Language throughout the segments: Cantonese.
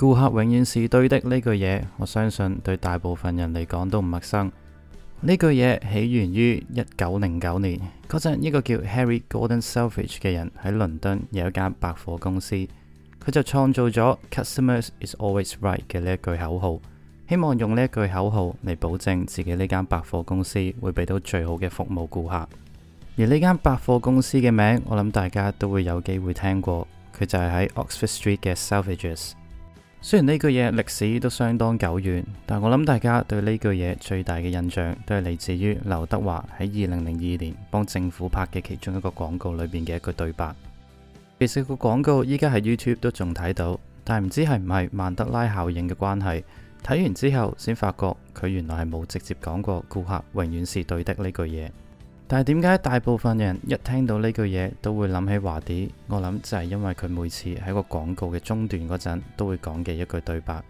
顧客永遠是對的呢句嘢，我相信對大部分人嚟講都唔陌生。呢句嘢起源於一九零九年嗰陣，一個叫 Harry Gordon Selfridge 嘅人喺倫敦有一間百貨公司，佢就創造咗 “Customers is always right” 嘅呢一句口號，希望用呢一句口號嚟保證自己呢間百貨公司會俾到最好嘅服務顧客。而呢間百貨公司嘅名，我諗大家都會有機會聽過，佢就係喺 Oxford Street 嘅 Selfridges。雖然呢句嘢歷史都相當久遠，但我諗大家對呢句嘢最大嘅印象都係嚟自於劉德華喺二零零二年幫政府拍嘅其中一個廣告裏邊嘅一句對白。其實個廣告依家喺 YouTube 都仲睇到，但唔知係唔係曼德拉效應嘅關係，睇完之後先發覺佢原來係冇直接講過顧客永遠是對的呢句嘢。但係點解大部分人一聽到呢句嘢都會諗起華 Dee？我諗就係因為佢每次喺個廣告嘅中段嗰陣都會講嘅一句對白。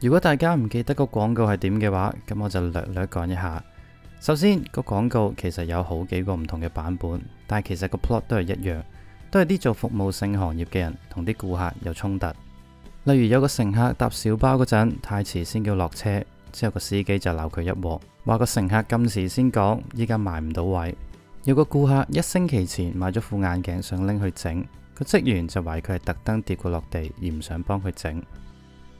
如果大家唔記得個廣告係點嘅話，咁我就略略講一下。首先，個廣告其實有好幾個唔同嘅版本，但係其實個 plot 都係一樣，都係啲做服務性行業嘅人同啲顧客有衝突。例如有個乘客搭小巴嗰陣太遲先叫落車。之後個司機就鬧佢一鑊，話個乘客今時先講，依家埋唔到位。有個顧客一星期前買咗副眼鏡，想拎去整，個職員就懷疑佢係特登跌過落地，而唔想幫佢整。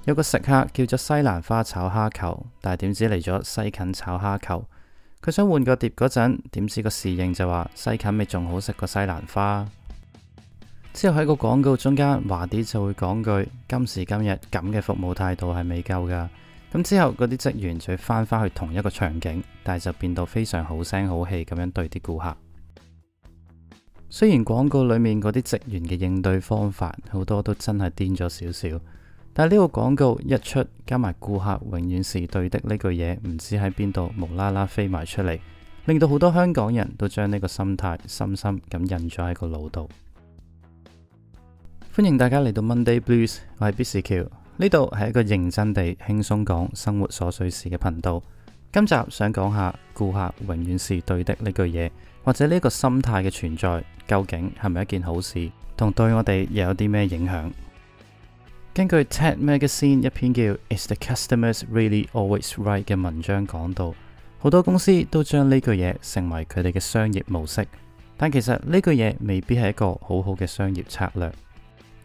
有個食客叫咗西蘭花炒蝦球，但係點知嚟咗西芹炒蝦球，佢想換個碟嗰陣，點知個侍應就話西芹咪仲好食過西蘭花。之後喺個廣告中間，華 Dee 就會講句：今時今日咁嘅服務態度係未夠噶。咁之後，嗰啲職員再返返去同一個場景，但係就變到非常好聲好氣咁樣對啲顧客。雖然廣告裏面嗰啲職員嘅應對方法好多都真係癲咗少少，但係呢個廣告一出，加埋顧客永遠是對的呢句嘢，唔知喺邊度無啦啦飛埋出嚟，令到好多香港人都將呢個心態深深咁印咗喺個腦度。歡迎大家嚟到 Monday Blues，我係 Biscuit。呢度係一個認真地輕鬆講生活瑣碎事嘅頻道。今集想講下顧客永遠是對的呢句嘢，或者呢個心態嘅存在究竟係咪一件好事，同對我哋又有啲咩影響？根據 TED Magazine 一篇叫《Is the Customers Really Always Right》嘅文章講到，好多公司都將呢句嘢成為佢哋嘅商業模式，但其實呢句嘢未必係一個好好嘅商業策略。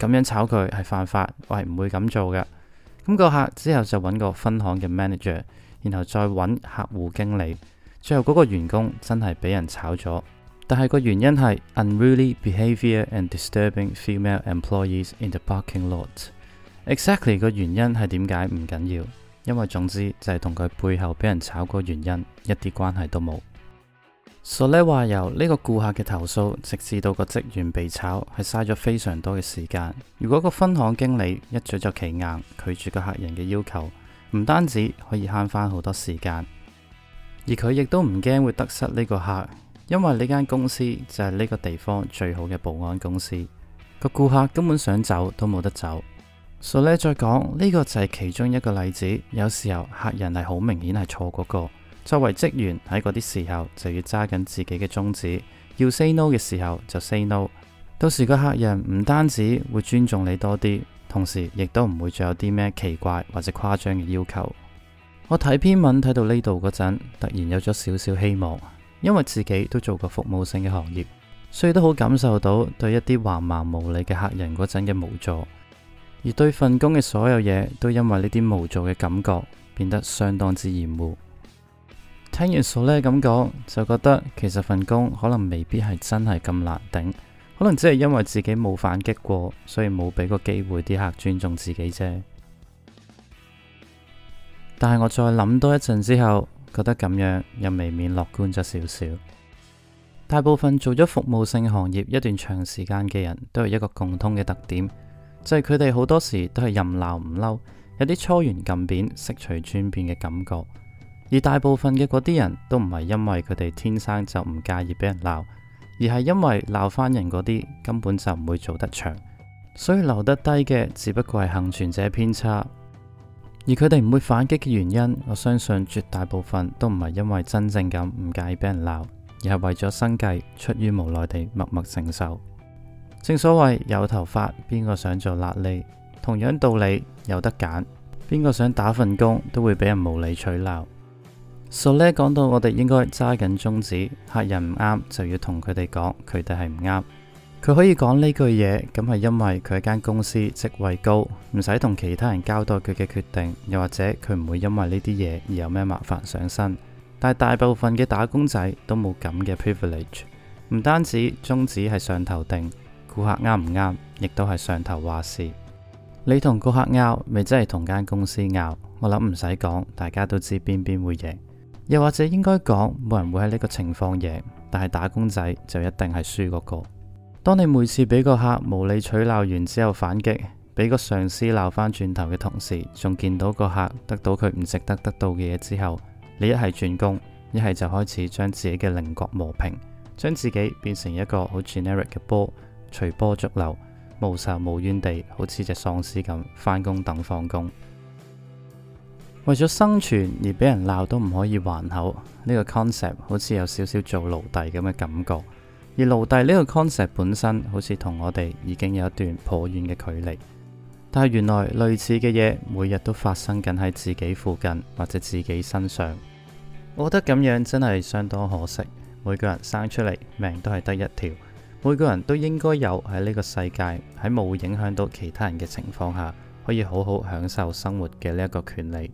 咁樣炒佢係犯法，我係唔會咁做嘅。咁個客之後就揾個分行嘅 manager，然後再揾客戶經理，最後嗰個員工真係俾人炒咗。但係個原因係 unruly behavior and disturbing female employees in the parking lot exactly 個原因係點解唔緊要，因為總之就係同佢背後俾人炒個原因一啲關係都冇。索叻話，由呢個顧客嘅投訴，直至到個職員被炒，係嘥咗非常多嘅時間。如果個分行經理一嘴就企硬，拒絕個客人嘅要求，唔單止可以慳翻好多時間，而佢亦都唔驚會得失呢個客，因為呢間公司就係呢個地方最好嘅保安公司。個顧客根本想走都冇得走。索叻再講，呢個就係其中一個例子，有時候客人係好明顯係錯嗰個。作為職員喺嗰啲時候就要揸緊自己嘅宗旨，要 say no 嘅時候就 say no。到時個客人唔單止會尊重你多啲，同時亦都唔會再有啲咩奇怪或者誇張嘅要求。我睇篇文睇到呢度嗰陣，突然有咗少少希望，因為自己都做過服務性嘅行業，所以都好感受到對一啲橫蠻無理嘅客人嗰陣嘅無助，而對份工嘅所有嘢都因為呢啲無助嘅感覺變得相當之厭惡。聽完數呢咁講，就覺得其實份工可能未必係真係咁難頂，可能只係因為自己冇反擊過，所以冇俾個機會啲客尊重自己啫。但係我再諗多一陣之後，覺得咁樣又未免樂觀咗少少。大部分做咗服務性行業一段長時間嘅人都有一個共通嘅特點，就係佢哋好多時都係任鬧唔嬲，有啲搓圓撳扁、悉隨尊便嘅感覺。而大部分嘅嗰啲人都唔係因為佢哋天生就唔介意俾人鬧，而係因為鬧翻人嗰啲根本就唔會做得長，所以留得低嘅只不過係幸存者偏差。而佢哋唔會反擊嘅原因，我相信絕大部分都唔係因為真正咁唔介意俾人鬧，而係為咗生計，出於無奈地默默承受。正所謂有頭髮邊個想做辣痢，同樣道理有得揀，邊個想打份工都會俾人無理取鬧。Sully 講到，我哋應該揸緊宗旨，客人唔啱就要同佢哋講，佢哋係唔啱。佢可以講呢句嘢，咁係因為佢間公司職位高，唔使同其他人交代佢嘅決定，又或者佢唔會因為呢啲嘢而有咩麻煩上身。但係大部分嘅打工仔都冇咁嘅 privilege，唔單止宗旨係上頭定，顧客啱唔啱，亦都係上頭話事。你同顧客拗，咪真係同間公司拗。我諗唔使講，大家都知邊邊會贏。又或者應該講，冇人會喺呢個情況贏，但係打工仔就一定係輸嗰個。當你每次俾個客無理取鬧完之後反擊，俾個上司鬧翻轉頭嘅同時，仲見到個客得到佢唔值得得到嘅嘢之後，你一係轉工，一係就開始將自己嘅稜角磨平，將自己變成一個好 generic 嘅波，隨波逐流，無仇無怨地，好似隻喪屍咁返工等放工。為咗生存而俾人鬧都唔可以還口，呢個 concept 好似有少少做奴隸咁嘅感覺。而奴隸呢個 concept 本身好似同我哋已經有一段頗遠嘅距離。但係原來類似嘅嘢每日都發生緊喺自己附近或者自己身上。我覺得咁樣真係相當可惜。每個人生出嚟命都係得一條，每個人都應該有喺呢個世界喺冇影響到其他人嘅情況下，可以好好享受生活嘅呢一個權利。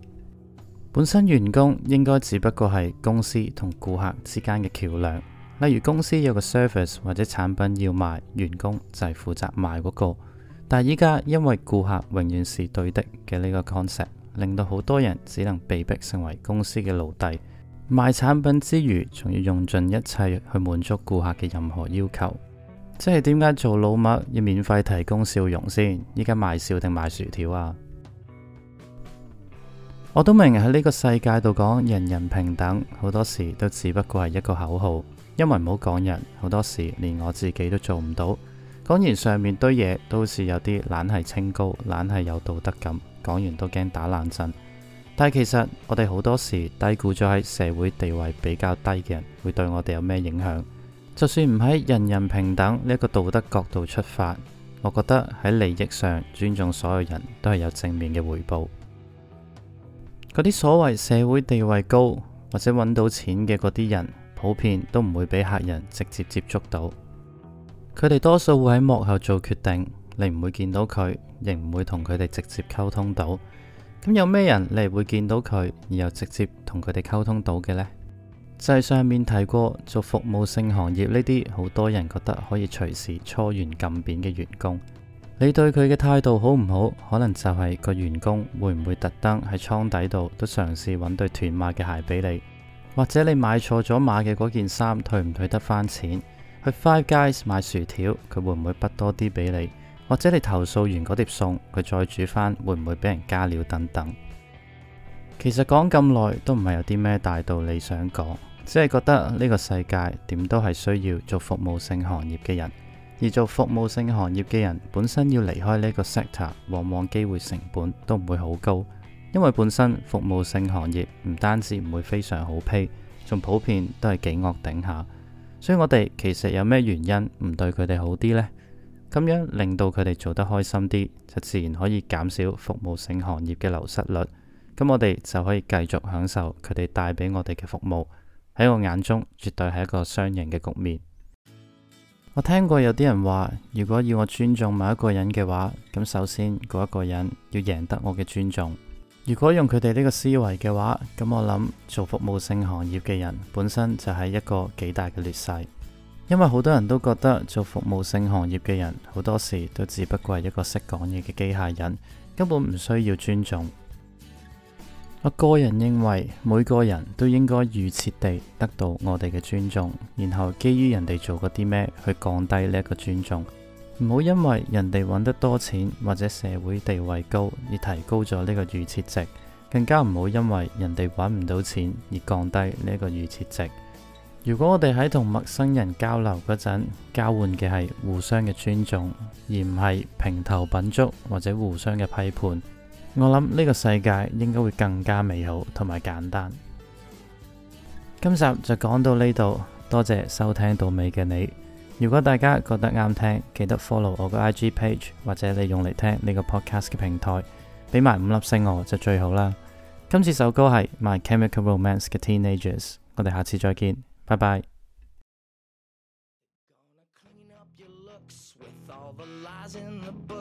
本身員工應該只不過係公司同顧客之間嘅橋樑，例如公司有個 service 或者產品要賣，員工就負責賣嗰個。但係依家因為顧客永遠是對的嘅呢個概念，令到好多人只能被迫成為公司嘅奴隸，賣產品之餘，仲要用盡一切去滿足顧客嘅任何要求。即係點解做老麥要免費提供笑容先？依家賣笑定賣薯條啊？我都明喺呢個世界度講人人平等，好多時都只不過係一個口號，因為唔好講人，好多時連我自己都做唔到。講完上面堆嘢都好似有啲懶係清高，懶係有道德感，講完都驚打冷震。但係其實我哋好多時低估咗喺社會地位比較低嘅人會對我哋有咩影響。就算唔喺人人平等呢個道德角度出發，我覺得喺利益上尊重所有人都係有正面嘅回報。嗰啲所謂社會地位高或者揾到錢嘅嗰啲人，普遍都唔會俾客人直接接觸到。佢哋多數會喺幕後做決定，你唔會見到佢，亦唔會同佢哋直接溝通到。咁有咩人你會見到佢，而又直接同佢哋溝通到嘅呢？就係上面提過做服務性行業呢啲，好多人覺得可以隨時搓圓撳扁嘅員工。你對佢嘅態度好唔好，可能就係個員工會唔會特登喺倉底度都嘗試揾對斷碼嘅鞋俾你，或者你買錯咗碼嘅嗰件衫退唔退得返錢？去 Five Guys 買薯條，佢會唔會撥多啲俾你？或者你投訴完嗰碟餸，佢再煮返會唔會俾人加料等等？其實講咁耐都唔係有啲咩大道理想講，只係覺得呢個世界點都係需要做服務性行業嘅人。而做服務性行業嘅人，本身要離開呢個 sector，往往機會成本都唔會好高，因為本身服務性行業唔單止唔會非常好 pay，仲普遍都係幾惡頂下。所以我哋其實有咩原因唔對佢哋好啲呢？咁樣令到佢哋做得開心啲，就自然可以減少服務性行業嘅流失率。咁我哋就可以繼續享受佢哋帶俾我哋嘅服務。喺我眼中，絕對係一個雙贏嘅局面。我聽過有啲人話，如果要我尊重某一個人嘅話，咁首先嗰一個人要贏得我嘅尊重。如果用佢哋呢個思維嘅話，咁我諗做服務性行業嘅人本身就係一個幾大嘅劣勢，因為好多人都覺得做服務性行業嘅人好多時都只不過係一個識講嘢嘅機械人，根本唔需要尊重。我個人認為每個人都應該預設地得到我哋嘅尊重，然後基於人哋做過啲咩去降低呢一個尊重。唔好因為人哋揾得多錢或者社會地位高而提高咗呢個預設值，更加唔好因為人哋揾唔到錢而降低呢一個預設值。如果我哋喺同陌生人交流嗰陣交換嘅係互相嘅尊重，而唔係平頭品足或者互相嘅批判，我諗呢個世界應該會更加美好同埋簡單。今集就講到呢度，多謝收聽到尾嘅你。如果大家覺得啱聽，記得 follow 我個 I G page 或者你用嚟聽呢個 podcast 嘅平台，俾埋五粒星我就最好啦。今次首歌係 My Chemical Romance 嘅 Teenagers，我哋下次再見，拜拜。